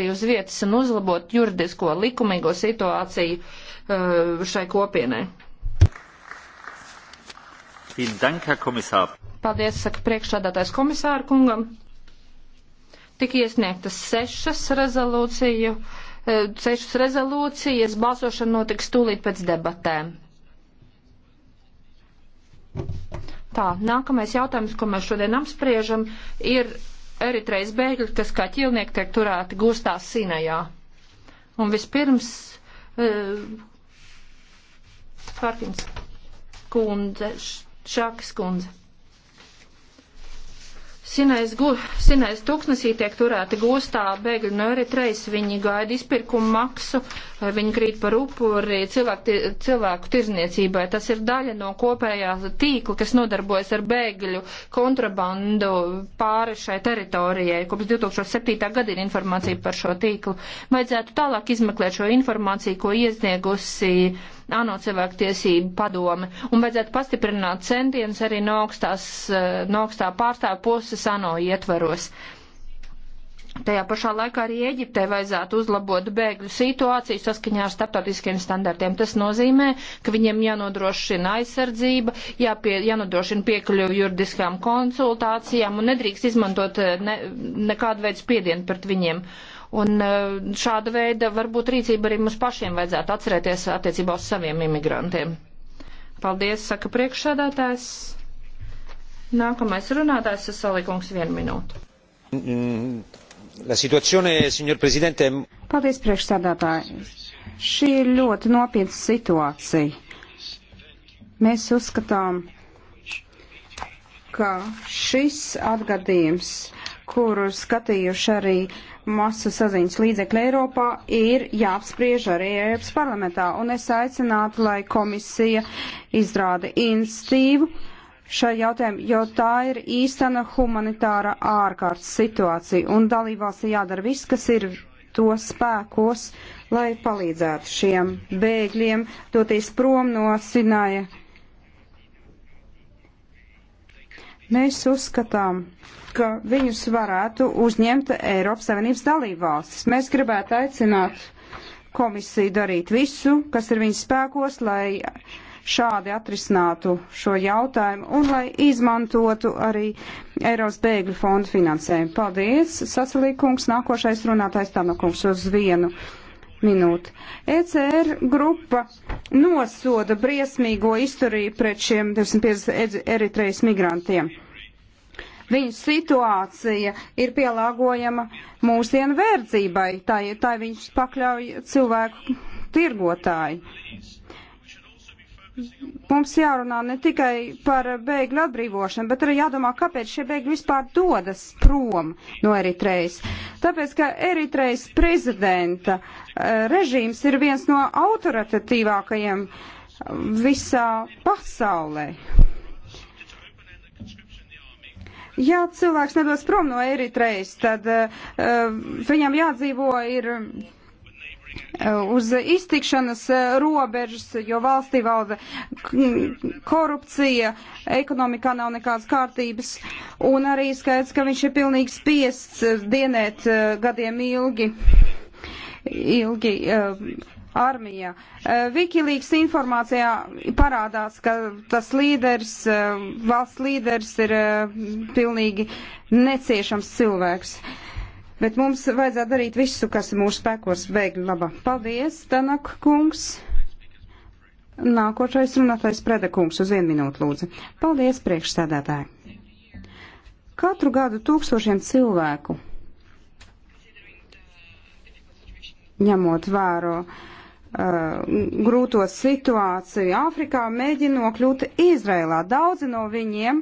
aktīvi uz vietas un uzlabot juridisko likumīgo situāciju uh, šai kopienai. Paldies, saka priekšsādātājs komisāru kungam. Tik iesniegtas sešas rezolūciju, eh, sešas rezolūcijas, balsošana notiks tūlīt pēc debatēm. Tā, nākamais jautājums, ko mēs šodien apspriežam, ir Eritrejas bēgļi, kas kā ķilnieki tiek turēti gūstā Sinajā. Un vispirms e, Harkins kundze, Šākas kundze. Sinais, gu, sinais tūkstnesī tiek turēti gūstā bēgļi no Eritrejas, viņi gaida izpirkumu maksu, eh, viņi krīt par upuri cilvēku, cilvēku tirzniecībai. Tas ir daļa no kopējā tīkla, kas nodarbojas ar bēgļu kontrabandu pāri šai teritorijai. Kopš 2007. gada ir informācija par šo tīklu. Vajadzētu tālāk izmeklēt šo informāciju, ko iesniegusi ANO cilvēktiesību padome. Un vajadzētu pastiprināt centienus arī no, augstās, eh, no augstā pārstāvja puses ANO ietvaros. Tajā pašā laikā arī Eģiptei vajadzētu uzlabot bēgļu situāciju saskaņā ar starptautiskiem standartiem. Tas nozīmē, ka viņiem jānodrošina aizsardzība, jāpie, jānodrošina piekļuvi juridiskām konsultācijām un nedrīkst izmantot eh, ne, nekādu veidu spiedienu pret viņiem. Uh, Un eh, šāda veida varbūt rīcība arī mums pašiem vajadzētu atcerēties attiecībā uz saviem imigrantiem. Paldies, saka priekšsēdētājs. Nākamais runātājs ir Salikungs vienu minūtu. Mm, la situazione, signor Presidente. Paldies, priekšsēdētāji. Šī ir ļoti nopietna situācija. Mēs uzskatām, ka šis atgadījums kuru skatījuši arī masu saziņas līdzekļi Eiropā, ir jāapspriež arī Eiropas parlamentā. Un es aicinātu, lai komisija izrāda instīvu šai jautājumu, jo tā ir īstena humanitāra ārkārtas situācija. Un dalībvalstī jādara viss, kas ir to spēkos, lai palīdzētu šiem bēgļiem doties prom no Sinaja. Mēs uzskatām, ka viņus varētu uzņemt Eiropas Savienības dalībvalstis. Mēs gribētu aicināt komisiju darīt visu, kas ir viņas spēkos, lai šādi atrisinātu šo jautājumu un lai izmantotu arī Eiropas bēgļu fondu finansējumu. Paldies, Sasalīkungs, nākošais runātājs Tanokungs uz vienu minūti. ECR grupa nosoda briesmīgo izturību pret šiem 250 eritrejas migrantiem. Viņu situācija ir pielāgojama mūsdienu verdzībai, tā, tā viņš pakļauj cilvēku tirgotāji. Mums jārunā ne tikai par bēgļu atbrīvošanu, bet arī jādomā, kāpēc šie bēgļi vispār dodas prom no Eritrejas. Tāpēc, ka Eritrejas prezidenta eh, režīms ir viens no autoritatīvākajiem um, visā pasaulē. Ja cilvēks nedos prom no Eritrejas, tad uh, viņam jādzīvo ir eh, uz iztikšanas eh, robežas, jo valstī valda korupcija, ekonomikā nav nekādas kārtības, un arī skaidrs, ka viņš ir pilnīgi spiests dienēt gadiem ilgi, ilgi armija. Vikilīgs eh, informācijā parādās, ka tas līderis, eh, valsts līderis ir eh, pilnīgi neciešams cilvēks. Bet mums vajadzētu darīt visu, kas ir mūsu spēkos, veikli laba. Paldies, Tanak kungs. Nākošais runātais predekungs uz vienu minūtu lūdzu. Paldies, priekšsēdētāji. Katru gadu tūkstošiem cilvēku ņemot vēro uh, Uh, grūto situāciju Āfrikā, mēģina nokļūt Izrēlā. Daudzi no viņiem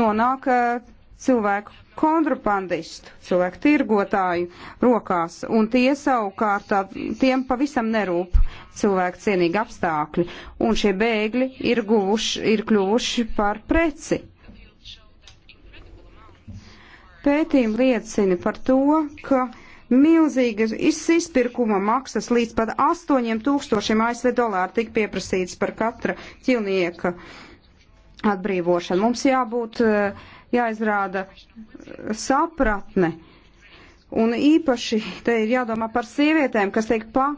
nonāk uh, cilvēku kontrabandistu, cilvēku tirgotāju rokās, un tie savukārt uh, tiem pavisam nerūp cilvēku cienīgi apstākļi, un šie bēgļi ir, guvuši, ir kļuvuši par preci. Pētījumi liecina par to, ka Milzīgas izpirkuma maksas līdz pat 8000 ASV dolāru tika pieprasīts par katra ķilnieka atbrīvošanu. Mums jābūt, eh, jāizrāda eh, sapratne. Un īpaši te ir jādomā par sievietēm, kas tiek pa,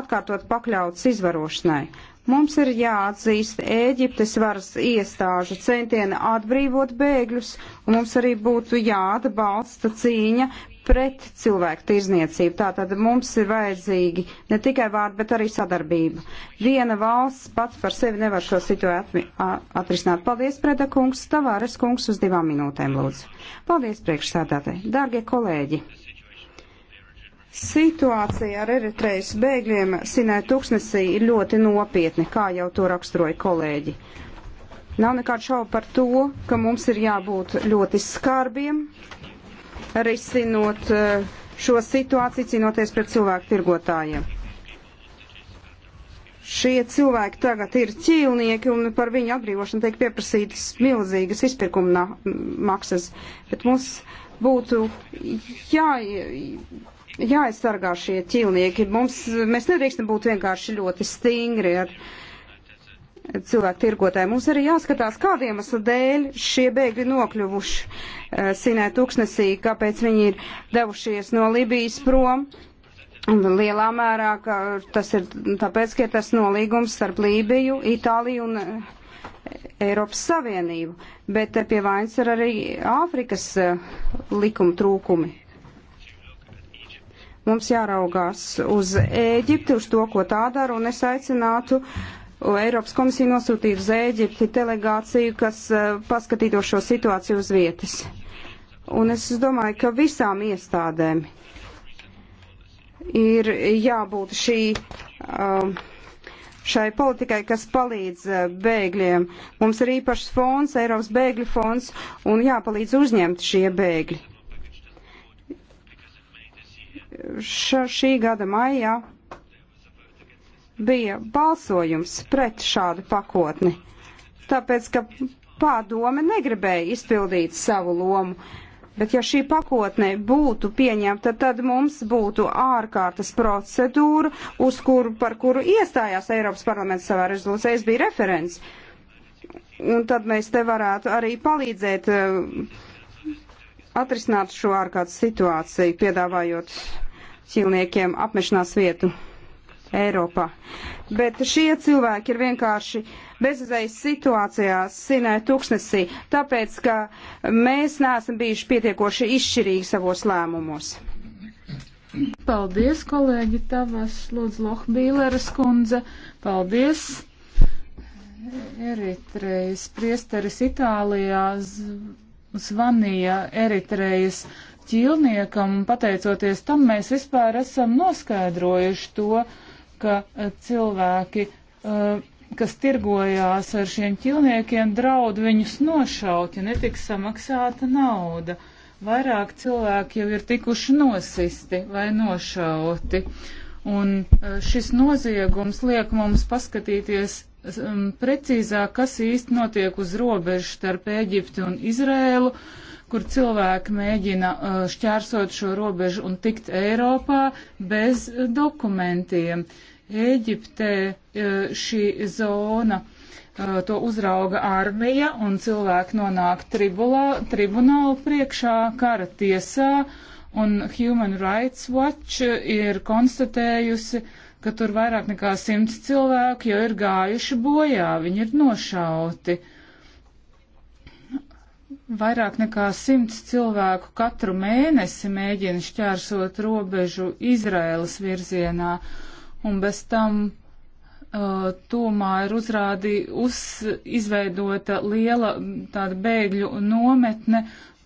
atkārtot pakļautas izvarošanai. Mums ir jāatzīst Ēģiptes varas iestāžu centieni atbrīvot bēgļus, un mums arī būtu jāatbalsta cīņa pret cilvēku tirzniecību. Tātad mums ir vajadzīgi ne tikai vārdi, bet arī sadarbība. Viena valsts pats par sevi nevar šo situāciju atrisināt. Paldies, Preda kungs, Tavāres kungs uz divām minūtēm, lūdzu. Paldies, priekšsādātāji. Dārgie kolēģi! Situācija ar Eritrejas bēgļiem Sinai Tuksnesī ir ļoti nopietna, kā jau to raksturoja kolēģi. Nav nekādu šaubu par to, ka mums ir jābūt ļoti skarbiem risinot e, šo situāciju, cīnoties pret cilvēku tirgotājiem. Šie cilvēki tagad ir ķīlnieki un par viņu atbrīvošanu tiek pieprasītas milzīgas izpirkuma maksas, bet mums būtu jā, jāaizsargā šie ķīlnieki. Mums, mēs nedrīkstam būt vienkārši ļoti stingri ar cilvēku tirgotāji. Mums arī jāskatās, kādiem asla dēļ šie bēgļi nokļuvuši eh, Sinē tūkstnesī, kāpēc viņi ir devušies no Libijas prom. Un lielā mērā tas ir tāpēc, ka ir tas nolīgums starp Lībiju, Itāliju un eh, Eiropas Savienību. Bet eh, pie vainas ir arī Āfrikas likuma trūkumi. Mums jāraugās uz Ēģipti, uz to, ko tā dara, un es aicinātu uh, Eiropas komisija nosūtīja uz Ēģipti delegāciju, kas eh, paskatīto šo situāciju uz vietas. Un es domāju, ka visām iestādēm ir jābūt šī, um, šai politikai, kas palīdz eh, bēgļiem. Mums ir īpašs fonds, Eiropas bēgļu fonds, un jāpalīdz uzņemt šie bēgļi. Ša, šī gada maijā bija balsojums pret šādu pakotni, tāpēc, ka pārdome negribēja izpildīt savu lomu. Bet ja šī pakotne būtu pieņemta, tad mums būtu ārkārtas procedūra, uz kuru, par kuru iestājās Eiropas parlaments savā rezolūcijā. Es biju referents. Un tad mēs te varētu arī palīdzēt eh, atrisināt šo ārkārtas situāciju, piedāvājot ķīlniekiem apmešanās vietu Eiropā. Bet šie cilvēki ir vienkārši bezizējas situācijās, sinē tuksnesī, tāpēc, ka mēs neesam bijuši pietiekoši izšķirīgi savos lēmumos. Paldies, kolēģi, tavas lūdzu Lohbīleres kundze. Paldies. Eritrejas priesteris Itālijā zvanīja Eritrejas ķīlniekam, pateicoties tam mēs vispār esam noskaidrojuši to, uh, ka eh, cilvēki, eh, kas tirgojās ar šiem ķilniekiem, draud viņus nošaut, ja netiks samaksāta nauda. Vairāk cilvēki jau ir tikuši nosisti vai nošauti. Un eh, šis noziegums liek mums paskatīties mm, precīzāk, kas īsti notiek uz robežas starp Eģipti un Izrēlu. Uh, kur cilvēki mēģina uh, šķērsot šo robežu un tikt Eiropā bez uh, dokumentiem. Ēģiptē uh, šī zona to uzrauga armija un cilvēki nonāk tribulā, tribunālu priekšā, kara tiesā, un Human Rights Watch ir konstatējusi, ka tur vairāk nekā simts cilvēku jau ir gājuši bojā, viņi ir nošauti. Uh, Vairāk nekā simts cilvēku katru mēnesi mēģina šķērsot robežu Izraēlas virzienā, un bez tam uh, tomā ir uzrādī, uz, izveidota liela tāda bēgļu nometne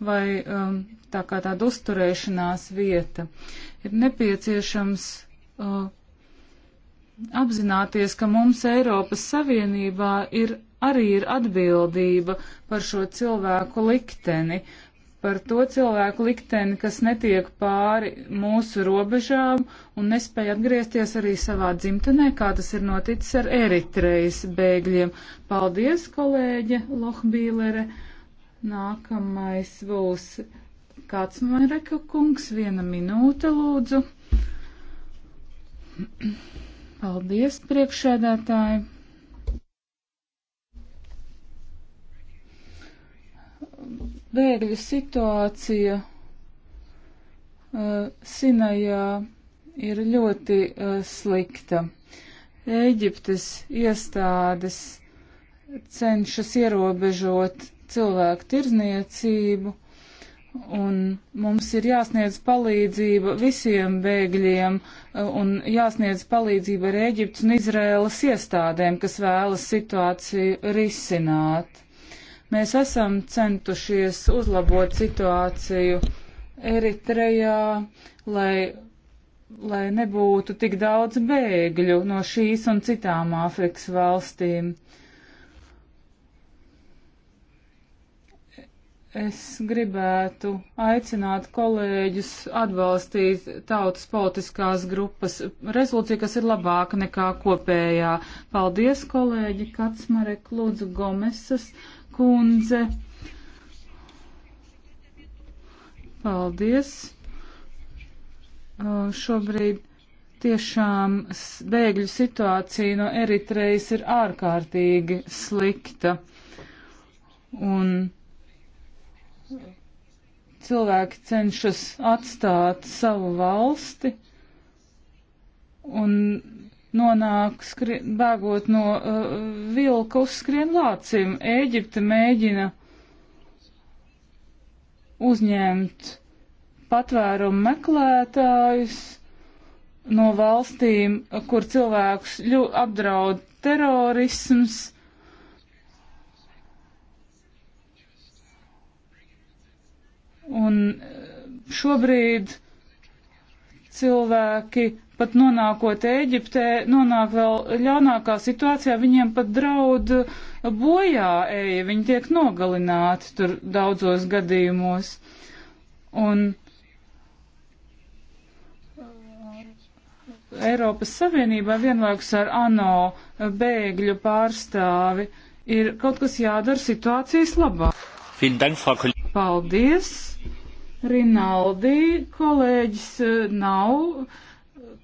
vai um, tā kā tāda uzturēšanās vieta. Ir nepieciešams uh, apzināties, ka mums Eiropas Savienībā ir arī ir atbildība par šo cilvēku likteni, par to cilvēku likteni, kas netiek pāri mūsu robežām un nespēja atgriezties arī savā dzimtenē, kā tas ir noticis ar Eritrejas bēgļiem. Paldies, kolēģe Lohbīlere. Nākamais būs kāds Mareka kungs, viena minūte lūdzu. Paldies, priekšēdētāji. bēgļu situācija uh, Sinajā ir ļoti uh, slikta. Ēģiptes iestādes cenšas ierobežot cilvēku tirzniecību, un mums ir jāsniedz palīdzība visiem bēgļiem, eh, un jāsniedz palīdzība ar Ēģiptes un Izrēlas iestādēm, kas vēlas situāciju risināt. Mēs esam centušies uzlabot situāciju Eritrejā, lai, lai nebūtu tik daudz bēgļu no šīs un citām Āfrikas valstīm. es gribētu aicināt kolēģus atbalstīt tautas politiskās grupas rezolūciju, kas ir labāka nekā kopējā. Paldies, kolēģi Kacmarek, Lūdzu, Gomesas kundze. Paldies. Uh, šobrīd tiešām bēgļu situācija no Eritrejas ir ārkārtīgi slikta. Un cilvēki cenšas atstāt savu valsti. Un nonāk skri, bēgot no uh, vilka uzskrien lācim. Ēģipte mēģina uzņemt patvērumu meklētājus no valstīm, kur cilvēkus apdraud terorisms. Un uh, šobrīd cilvēki, pat nonākot Ēģiptē, nonāk vēl ļaunākā situācijā, viņiem pat draud bojā eja, viņi tiek nogalināti tur daudzos gadījumos. Un Eiropas Savienībā vienlaikus ar ANO bēgļu pārstāvi ir kaut kas jādara situācijas labā. Paldies! Rinaldi kolēģis eh, nav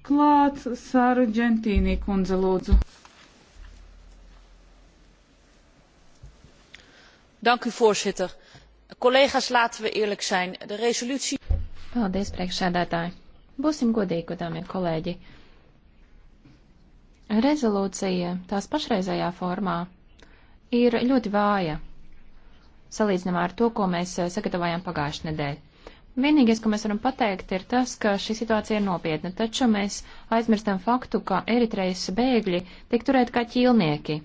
klāts. Sāra Džentīnī kundze lūdzu. Dank u voorzitter. Collega's, laten we eerlijk zijn. De resolutie. Paldies, priekšsēdētāji. Būsim godīgi, godāmie kolēģi. Rezolūcija tās pašreizējā formā ir ļoti vāja salīdzinājumā ar to, ko mēs sagatavojām pagājušajā nedēļā. Vienīgais, ko mēs varam pateikt, ir tas, ka šī situācija ir nopietna, taču mēs aizmirstam faktu, ka Eritrejas bēgļi tiek turēti kā ķīlnieki.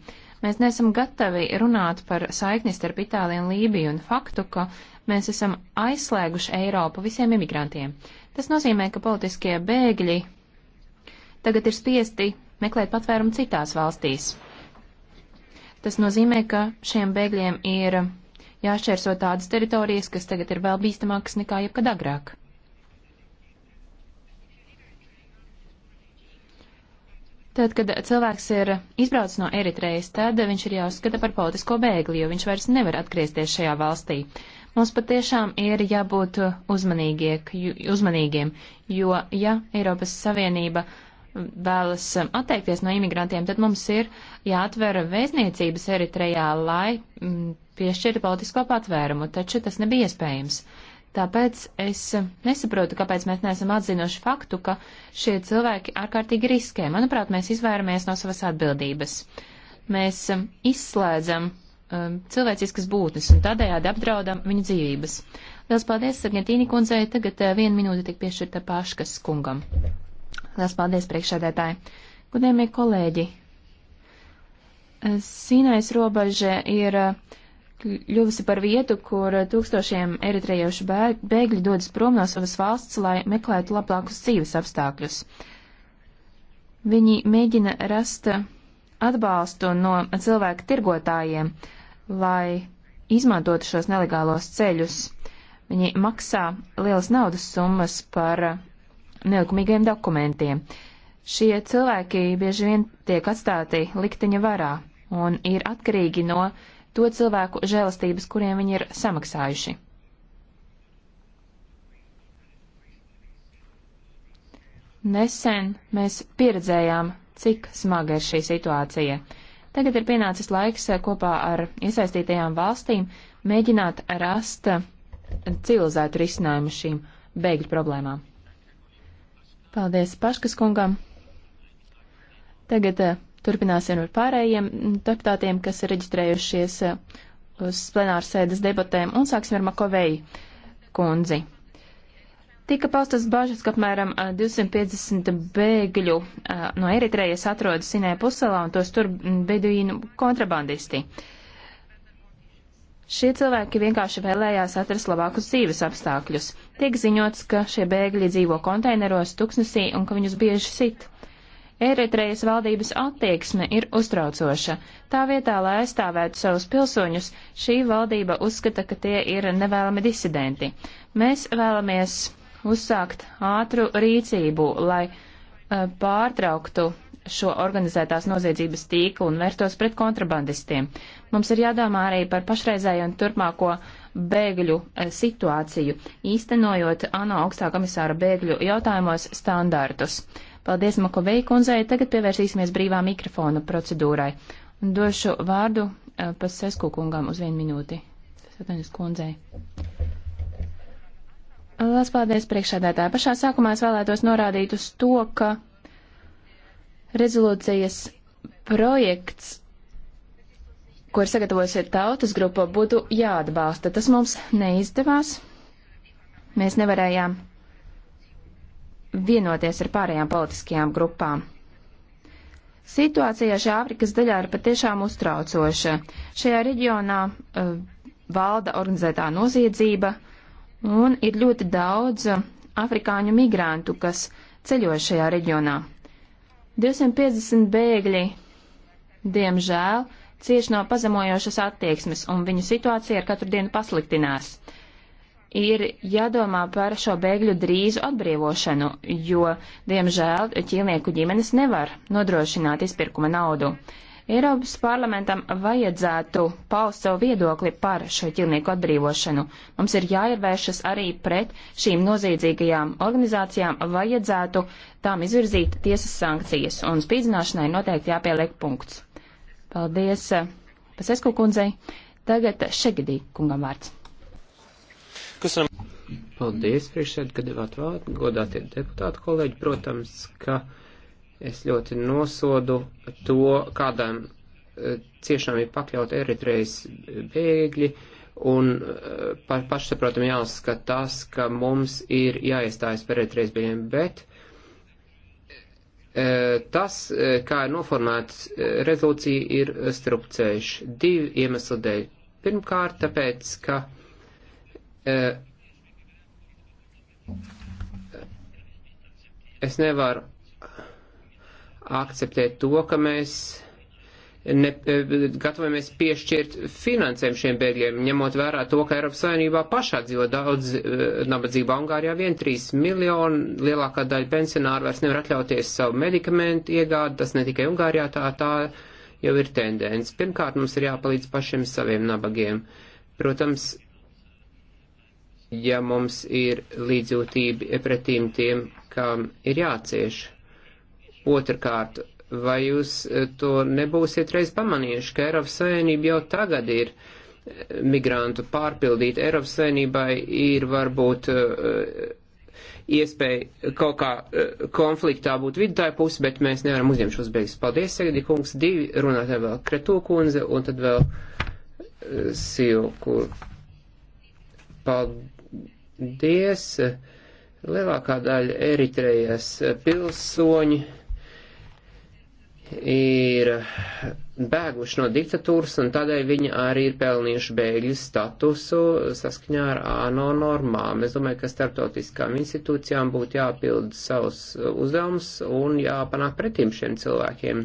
Mēs neesam gatavi runāt par saikni starp Itāliju un Lībiju un faktu, ka mēs esam aizslēguši Eiropu visiem imigrantiem. Tas nozīmē, ka politiskie bēgļi tagad ir spiesti meklēt patvērumu citās valstīs. Tas nozīmē, ka šiem bēgļiem ir jāšķērso tādas teritorijas, kas tagad ir vēl bīstamākas nekā jebkad agrāk. Tad, kad cilvēks ir izbraucis no Eritrejas, tad viņš ir jāuzskata par politisko bēgli, jo viņš vairs nevar atgriezties šajā valstī. Mums patiešām ir jābūt uzmanīgiem, jo, ja Eiropas Savienība vēlas atteikties no imigrantiem, tad mums ir jāatver vēstniecības Eritrejā, lai m, mm, piešķīra politisko patvērumu, taču tas nebija iespējams. Tāpēc es nesaprotu, kāpēc mēs neesam atzinoši faktu, ka šie cilvēki ārkārtīgi riskē. Manuprāt, mēs izvairamies no savas atbildības. Mēs um, izslēdzam um, cilvēciskas būtnes un tādējādi apdraudam viņu dzīvības. Lielas paldies, Sargentīni kundzei, tagad uh, viena minūte tik piešķirta paškas kungam. Lielas paldies, priekšādētāji. Gudējumie kolēģi, uh, Sīnais robeža ir uh, kļuvusi par vietu, kur tūkstošiem eritrejiešu bēgļi dodas prom no savas valsts, lai meklētu labākus dzīves apstākļus. Viņi mēģina rast atbalstu no cilvēku tirgotājiem, lai izmantotu šos nelegālos ceļus. Viņi maksā lielas naudas summas par nelikumīgiem dokumentiem. Šie cilvēki bieži vien tiek atstāti likteņa varā un ir atkarīgi no uh, to cilvēku žēlastības, kuriem viņi ir samaksājuši. Nesen mēs pieredzējām, cik smaga ir šī situācija. Tagad ir pienācis laiks eh, kopā ar iesaistītajām valstīm mēģināt rast eh, civilizētu risinājumu šīm bēgļu problēmām. Paldies Paškas kungam. Tagad eh, Turpināsim ar pārējiem deputātiem, kas ir reģistrējušies uh, uz plenāru sēdes debatēm, un sāksim ar Makoveju kundzi. Tika paustas bažas, ka apmēram 250 uh, bēgļu uh, no Eritrejas atrodas Sinē puselā, un tos tur mm, beduīnu kontrabandisti. Šie cilvēki vienkārši vēlējās atrast labākus dzīves apstākļus. Tiek ziņots, ka šie bēgļi dzīvo konteineros, tuksnesī un ka viņus bieži sit. Eritrejas valdības attieksme ir uztraucoša. Tā vietā, lai aizstāvētu savus pilsoņus, šī valdība uzskata, ka tie ir nevēlami disidenti. Mēs vēlamies uzsākt ātru rīcību, lai uh, pārtrauktu šo organizētās noziedzības tīku un vērstos pret kontrabandistiem. Mums ir jādomā arī par pašreizēju un turpmāko bēgļu uh, situāciju, īstenojot ANO augstā komisāra bēgļu jautājumos standartus. Paldies Makovei kundzei. Tagad pievērsīsimies brīvā mikrofona procedūrai. Došu vārdu uh, eh, pa Sesku kungam uz vienu minūti. Sataņas kundzei. Lielas paldies priekšādētāji. Pašā sākumā es vēlētos norādīt uz to, ka rezolūcijas projekts, ko ir sagatavojusiet tautas grupa, būtu jāatbalsta. Tas mums neizdevās. Mēs nevarējām vienoties ar pārējām politiskajām grupām. Situācija šajā Āfrikas daļā ir patiešām uztraucoša. Šajā reģionā uh, valda organizētā noziedzība un ir ļoti daudz eh, afrikāņu migrantu, kas ceļo šajā reģionā. 250 bēgļi, diemžēl, cieši no pazemojošas attieksmes, un viņu situācija ar katru dienu pasliktinās. Uh, ir jādomā par šo bēgļu drīzu atbrīvošanu, jo, diemžēl, ķīlnieku ģimenes nevar nodrošināt izpirkuma naudu. Eiropas parlamentam vajadzētu paust savu viedokli par šo ķilnieku atbrīvošanu. Mums ir jāievēršas arī pret šīm noziedzīgajām organizācijām, vajadzētu tām izvirzīt tiesas sankcijas, un spīdzināšanai noteikti jāpieliek punkts. Paldies Pasesku kundzei. Tagad Šegedī kungam vārds. Köszönöm. Paldies, priekšsēd, ka devāt vārdu, godātie deputāti kolēģi. Protams, ka es ļoti nosodu to, kādām eh, ciešām ir pakļauti Eritrejas bēgļi, un eh, par pašsaprotam jāuzskata tas, ka mums ir jāiestājas par Eritrejas bēgļiem, bet eh, tas, kā ir noformēts rezolūcija, ir strupceļš divu iemeslu dēļ. Pirmkārt, tāpēc, ka Eh, es nevaru akceptēt to, ka mēs ne, eh, gatavojamies piešķirt finansēm šiem bēgļiem, ņemot vērā to, ka Eiropas Savienībā pašā dzīvo daudz eh, nabadzībā Ungārijā, vien 3 miljoni, lielākā daļa pensionāru vairs nevar atļauties savu medikamentu iegādi, tas ne tikai Ungārijā, tā, tā jau ir tendence. Pirmkārt, mums ir jāpalīdz pašiem saviem nabagiem. Protams, ja mums ir līdzjūtība pretīm tiem, kam ir jācieš. Otrakārt, vai jūs e, to nebūsiet reiz pamanījuši, ka Eiropas Savienība jau tagad ir e, migrantu pārpildīta. Eiropas Savienībai ir varbūt e, iespēja kaut kā konfliktā būt vidutāja puse, bet mēs nevaram uzņemt šos beigas. Paldies, Segedi kungs, divi runātāji vēl Kretu kundze un tad vēl Sijokur. Paldies Dies, lielākā daļa Eritrejas pilsoņi ir bēguši no diktatūras, un tādēļ viņi arī ir pelnījuši bēgļu statusu saskaņā ar ANO normām. Es domāju, ka starptautiskām institūcijām būtu jāpild savus uzdevumus un jāpanāk pretim šiem cilvēkiem.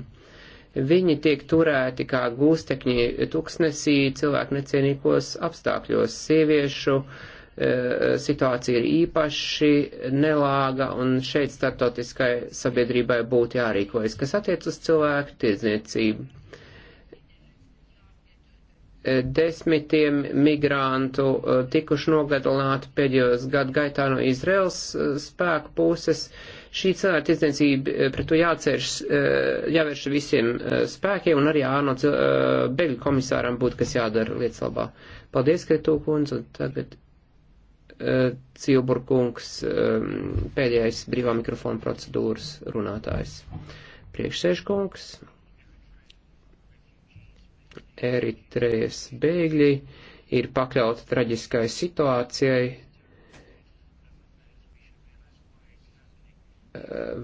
Viņi tiek turēti kā gūstekņi tuksnesī cilvēku necienīgos apstākļos sieviešu, uh, Eh, situācija ir īpaši nelāga un šeit startautiskai sabiedrībai būtu jārīkojas, kas attiec uz cilvēku tirdzniecību. Eh, desmitiem migrantu eh, tikuši nogadināti pēdējos gadu gaitā no Izraels spēku puses. Šī cilvēku tirdzniecība pret to jācerš, jāvērš visiem spēkiem un arī āno beļu komisāram būtu, kas jādara lietas labā. Paldies, Kretūkundze, un tagad Eh, Cilburkungs, eh, pēdējais brīvā mikrofona procedūras runātājs. Priekšsēžkungs, Eritrejas bēgļi ir pakļauti traģiskai situācijai. Eh,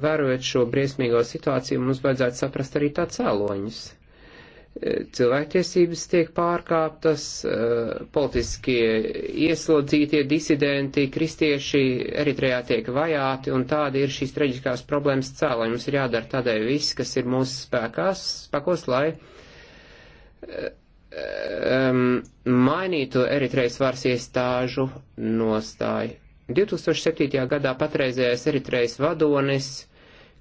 vērojot šo briesmīgo situāciju, mums vajadzētu saprast arī tā cēloņus. E, cilvēktiesības tiek pārkāptas, e, politiskie ieslodzītie disidenti, kristieši Eritrejā tiek vajāti, un tāda ir šīs traģiskās problēmas cēlā. Mums ir jādara tādēļ viss, kas ir mūsu spēkās, spēkos, lai um, mainītu Eritrejas varas iestāžu nostāju. 2007. gadā patreizējais Eritrejas vadonis uh,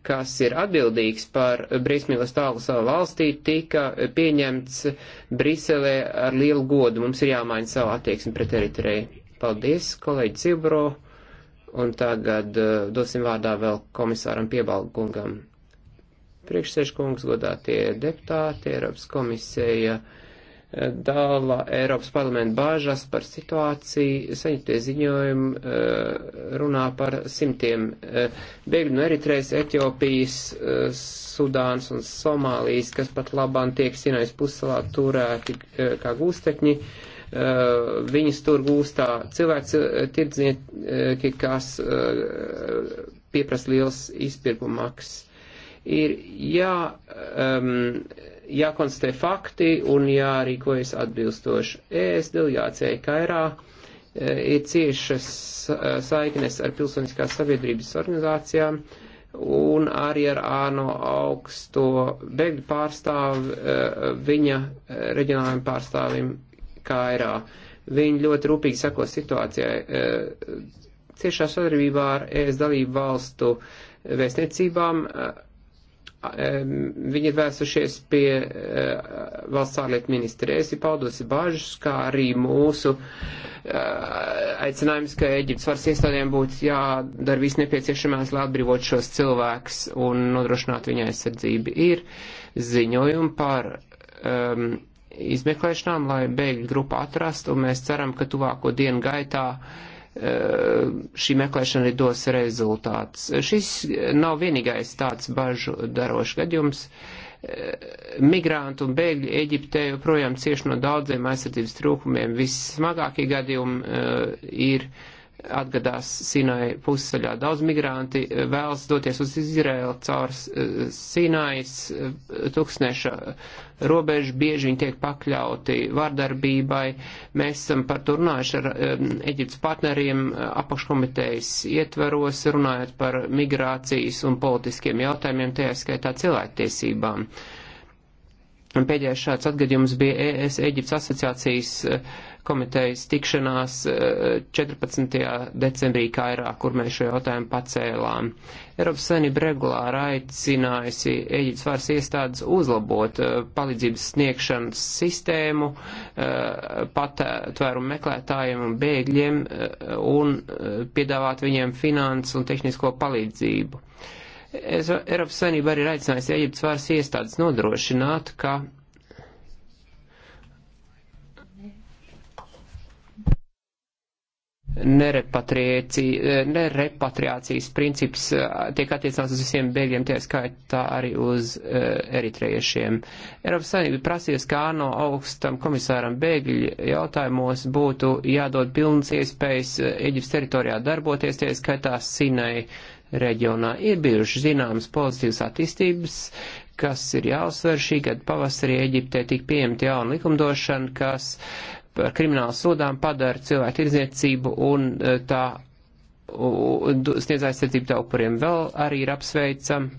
kas ir atbildīgs par briesmīgo stāvu savā valstī, tika pieņemts Briselē ar lielu godu. Mums ir jāmaina savu attieksmi pret Eritreju. Paldies, kolēģi Cibro, un tagad uh, dosim vārdā vēl komisāram Piebalgungam. Priekšsēžkungs, godātie deputāti, Eiropas komisija. Uh, dala Eiropas parlamenta bāžas par situāciju, saņemtie ziņojumi eh, runā par simtiem eh, bēgļu no Eritrejas, Etiopijas, eh, Sudānas un Somālijas, kas pat labāk tiek Sinājas pussalā turēti kā gūstekņi. Viņus tur gūstā cilvēks tirdznieki, kas pieprasa liels izpirkuma maksas. Ir jā. Um, jākonstatē fakti un jārīkojas atbilstoši. ES delegācijai Kairā e, ir ciešas e, saiknes ar pilsoniskās sabiedrības organizācijām un arī ar ANO augsto bēgļu pārstāvu e, viņa reģionālajiem pārstāvim Kairā. Viņi ļoti rūpīgi sako situācijai. Ciešā sadarbībā ar ES dalību valstu vēstniecībām viņi ir vērsušies pie eh, valsts ārlietu ministrijas, ir paudusi bažas, kā arī mūsu eh, aicinājums, ka Eģiptes varas iestādēm būtu jādara viss nepieciešamais, lai atbrīvot šos cilvēkus un nodrošināt viņa aizsardzību. Ir ziņojumi par um, izmeklēšanām, lai bēgļu grupu atrast, un mēs ceram, ka tuvāko dienu gaitā uh, šī meklēšana arī dos rezultāts. Šis nav vienīgais tāds bažu darošs gadījums. Migrantu un bēgļu Eģiptē joprojām cieši no daudziem aizsardzības trūkumiem. Vissmagākie gadījumi eh, ir uh, atgadās Sinai pusceļā. Daudz migranti eh, vēlas doties uz Izraēlu caur eh, Sinais eh, tuksneša robežu, bieži viņi tiek pakļauti vardarbībai. Mēs esam par to runājuši ar Eģiptes partneriem apakškomitejas ietveros, runājot par migrācijas un politiskiem jautājumiem, tajā skaitā cilvēktiesībām. Uh, Un pēdējais šāds atgadījums bija ES Eģiptes asociācijas eh, komitejas tikšanās 14. Eh, decembrī Kairā, kur mēs šo jautājumu pacēlām. Eiropas Savienība regulāri aicinājusi Eģiptes varas iestādes uzlabot eh, palīdzības sniegšanas sistēmu patvērumu meklētājiem un bēgļiem un piedāvāt viņiem finanses un tehnisko palīdzību. Uh, Eiropas Savienība arī ir aicinājusi Eģiptes varas iestādes nodrošināt, ka nerepatriācijas princips eh, tiek attiecināts uz visiem bēgļiem, tie skaitā arī uz uh, eh, eritrejiešiem. Eiropas Savienība prasīs, kā no augstam komisāram bēgļu jautājumos būtu jādod pilnas iespējas eh, Eģiptes teritorijā darboties, tie skaitā Sinai uh, reģionā. Ir bijušas zināmas pozitīvas attīstības, kas ir jāuzsver šī gada pavasarī Eģiptē tika pieņemta jauna likumdošana, kas par kriminālu sodām padara cilvēku tirdzniecību un e, tā sniedz aizsardzību tā upuriem. Vēl arī ir apsveicam e,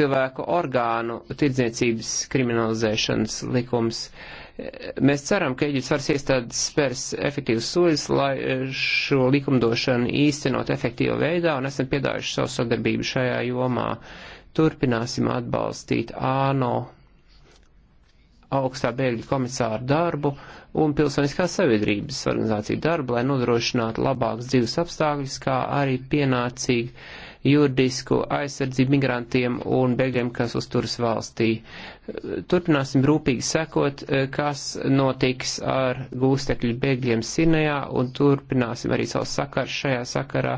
cilvēku orgānu tirdzniecības kriminalizēšanas likums. Uh, Mēs ceram, ka Eģiptes varas iestādes spērs efektīvus soļus, lai e, šo likumdošanu īstenot efektīvā veidā, un esam piedājuši savu sadarbību šajā jomā. Turpināsim atbalstīt ANO augstā bēgļu komisāra darbu un pilsoniskās sabiedrības organizāciju darbu, lai nodrošinātu labākus dzīves apstākļus, kā arī pienācīgu juridisku aizsardzību migrantiem un bēgļiem, kas uzturas valstī turpināsim rūpīgi sekot, eh, kas notiks ar gūstekļu bēgļiem Sinajā un turpināsim arī savu sakaru šajā sakarā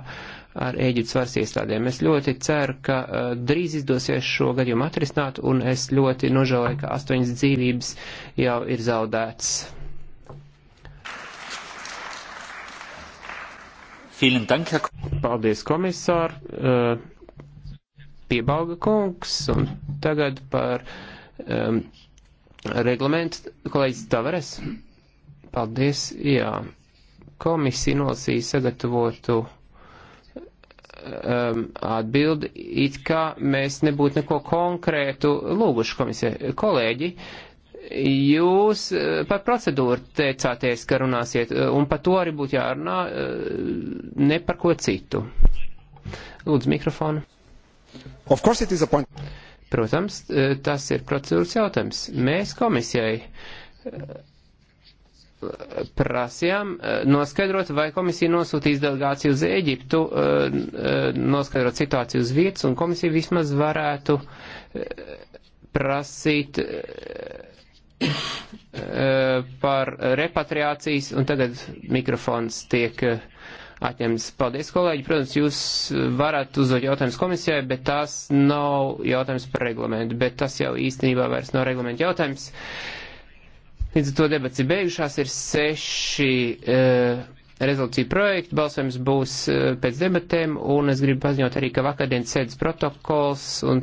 ar Ēģiptes varas iestādēm. Es ļoti ceru, ka uh, drīz izdosies šo gadījumu atrisināt un es ļoti nožēloju, ka astoņas dzīvības jau ir zaudētas. Paldies, komisār. Uh, piebalga kungs un tagad par uh, um, ehm, reglamentu. Kolēģis Tavares, paldies, jā, komisija nolasīja sagatavotu um, atbildi, it kā mēs nebūtu neko konkrētu lūguši komisijai. Kolēģi, jūs eh, par procedūru teicāties, ka runāsiet, eh, un par to arī būtu jārunā, eh, ne par ko citu. Lūdzu, mikrofonu. Of course it is a point. Protams, e, tas ir procedūras jautājums. Mēs komisijai e, prasījām e, noskaidrot, vai komisija nosūtīs delegāciju uz Eģiptu, noskaidrot situāciju uz vietas, un komisija vismaz varētu prasīt par repatriācijas, un tagad mikrofons tiek atņemts. Paldies, kolēģi. Protams, jūs varat uzdot jautājumus komisijai, bet tās nav jautājums par reglamentu, bet tas jau īstenībā vairs nav reglamentu jautājums. Līdz ar to debats ir beigušās, ir seši uh, rezolūcija projekti, balsojums būs uh, pēc debatēm, un es gribu paziņot arī, ka vakardienas sēdes protokols un